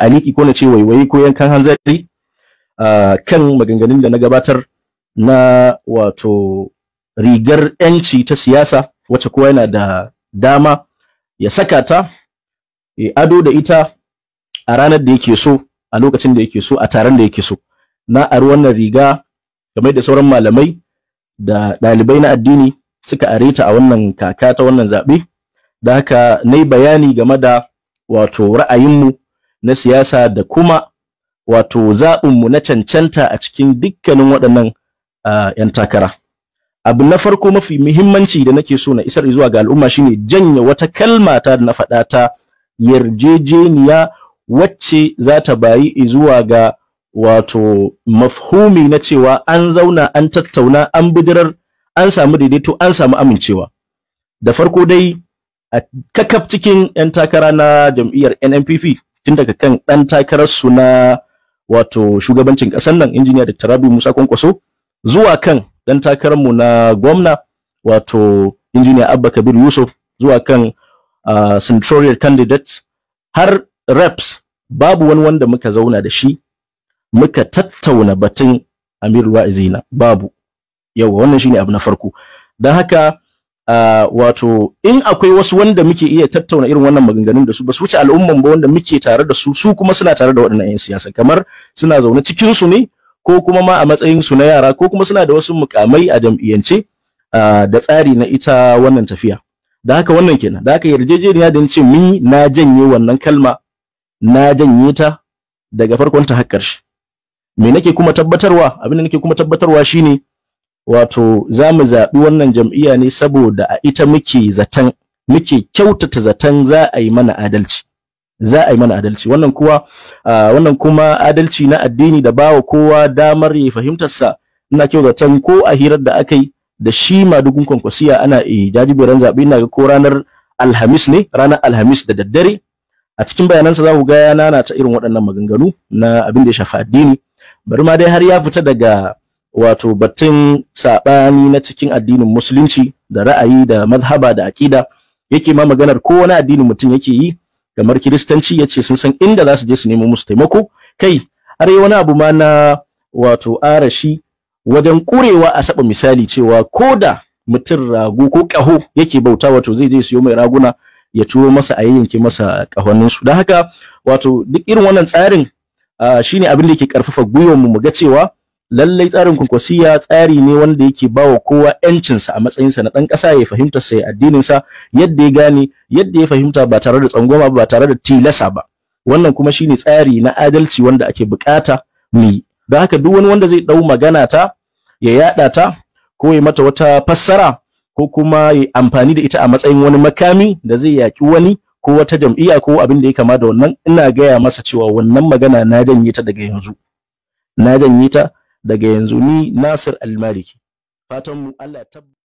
ta'aliki ko na ce waiwayi ko yankan hanzari kan maganganun da na gabatar na wato rigar 'yanci ta siyasa wacce kowa yana da dama ya saka ta ya ado da ita a ranar da yake so a lokacin da yake so a taron da yake so na ari wannan riga game da sauran malamai da ɗalibai na addini suka are ta a wannan kaka ta wannan zaɓe da haka na yi bayani game da wato ra'ayinmu na siyasa da kuma wato mu na cancanta a cikin dukkanin waɗannan ah, 'yan takara. Abu na farko mafi muhimmanci da nake so na isar zuwa ga al'umma shine janye wata kalma ta da na faɗa ta yarjejeniya wacce za ta bayi zuwa ga wato mafhumi na cewa an zauna an tattauna an bidirar an samu daidaito an samu amincewa da farko dai a kakaf cikin 'yan takara na jam'iyyar nnpp tun daga kan ɗan su na wato shugabancin ƙasar nan injiniya Dr. Rabi Musa Kwankwaso zuwa kan ɗan mu na gwamna wato injiniya Abba Kabir Yusuf zuwa kan uh, candidate har reps babu wani wanda muka zauna da shi muka tattauna batun Amiru Wa'izina babu yawa wannan shine abu na farko Dan haka Uh, wato in akwai wasu wanda muke iya tattauna irin wannan maganganun da su ba su wuce al'umman ba wanda muke tare da su su kuma suna tare da waɗannan 'yan siyasa kamar suna zaune cikin su ne ko kuma ma a matsayin su na yara ko kuma suna da wasu mukamai a jam'iyyance uh, da tsari na ita wannan tafiya da haka wannan kenan da haka yarjejeniya da ce ni na janye wannan kalma na janye ta daga farkon ta har ƙarshe me nake kuma tabbatarwa abin da nake kuma tabbatarwa shine wato za mu zaɓi wannan jam'iyya ne saboda a ita muke zaton muke kyautata zaton za a yi mana adalci za a yi mana adalci wannan kuwa wannan kuma adalci na addini da bawa kowa damar ya fahimtarsa ina kyau zaton ko a hirar da aka yi da shi ma madugun kwankwasiya ana e, jajiberan zaɓe ina ga ko ranar alhamis ne ranar alhamis da daddare a cikin bayanansa za ku ga ya nana ta irin waɗannan maganganu na abin da ya shafi addini bari ma dai har ya fita daga wato batun saɓani na cikin addinin musulunci da ra'ayi da mazhaba da aƙida yake ma maganar ko wani addinin mutum yake yi kamar kiristanci ya ce sun san inda za su je su nemo musu taimako kai har yi wani abu ma na wato arashi wajen ƙurewa a saba misali cewa ko da mutum rago ko ƙaho yake bauta wato zai je siyo mai raguna ya turo masa a yanke masa ƙahoninsu don haka wato duk irin wannan tsarin ah, shine abin da yake ƙarfafa gwiwar mu ga cewa lallai tsarin kwankwasiya tsari ne wanda yake bawa kowa yancinsa a matsayinsa na ɗan ƙasa ya fahimta sai ya addininsa yadda ya gane yadda ya fahimta ba tare da tsangwama ba tare da tilasa ba wannan kuma shine tsari na adalci wanda ake bukata mu da haka duk wani wanda zai dau magana ta ya yaɗa ta ko ya mata wata fassara ko kuma ya amfani da ita a matsayin wani makami da zai yaƙi wani ko wata jam'iyya ko abin da ya kama da wannan ina gaya masa cewa wannan magana na janye ta daga yanzu na janye ta daga yanzu ni Nasir Almaliki fatan mu Allah tabbata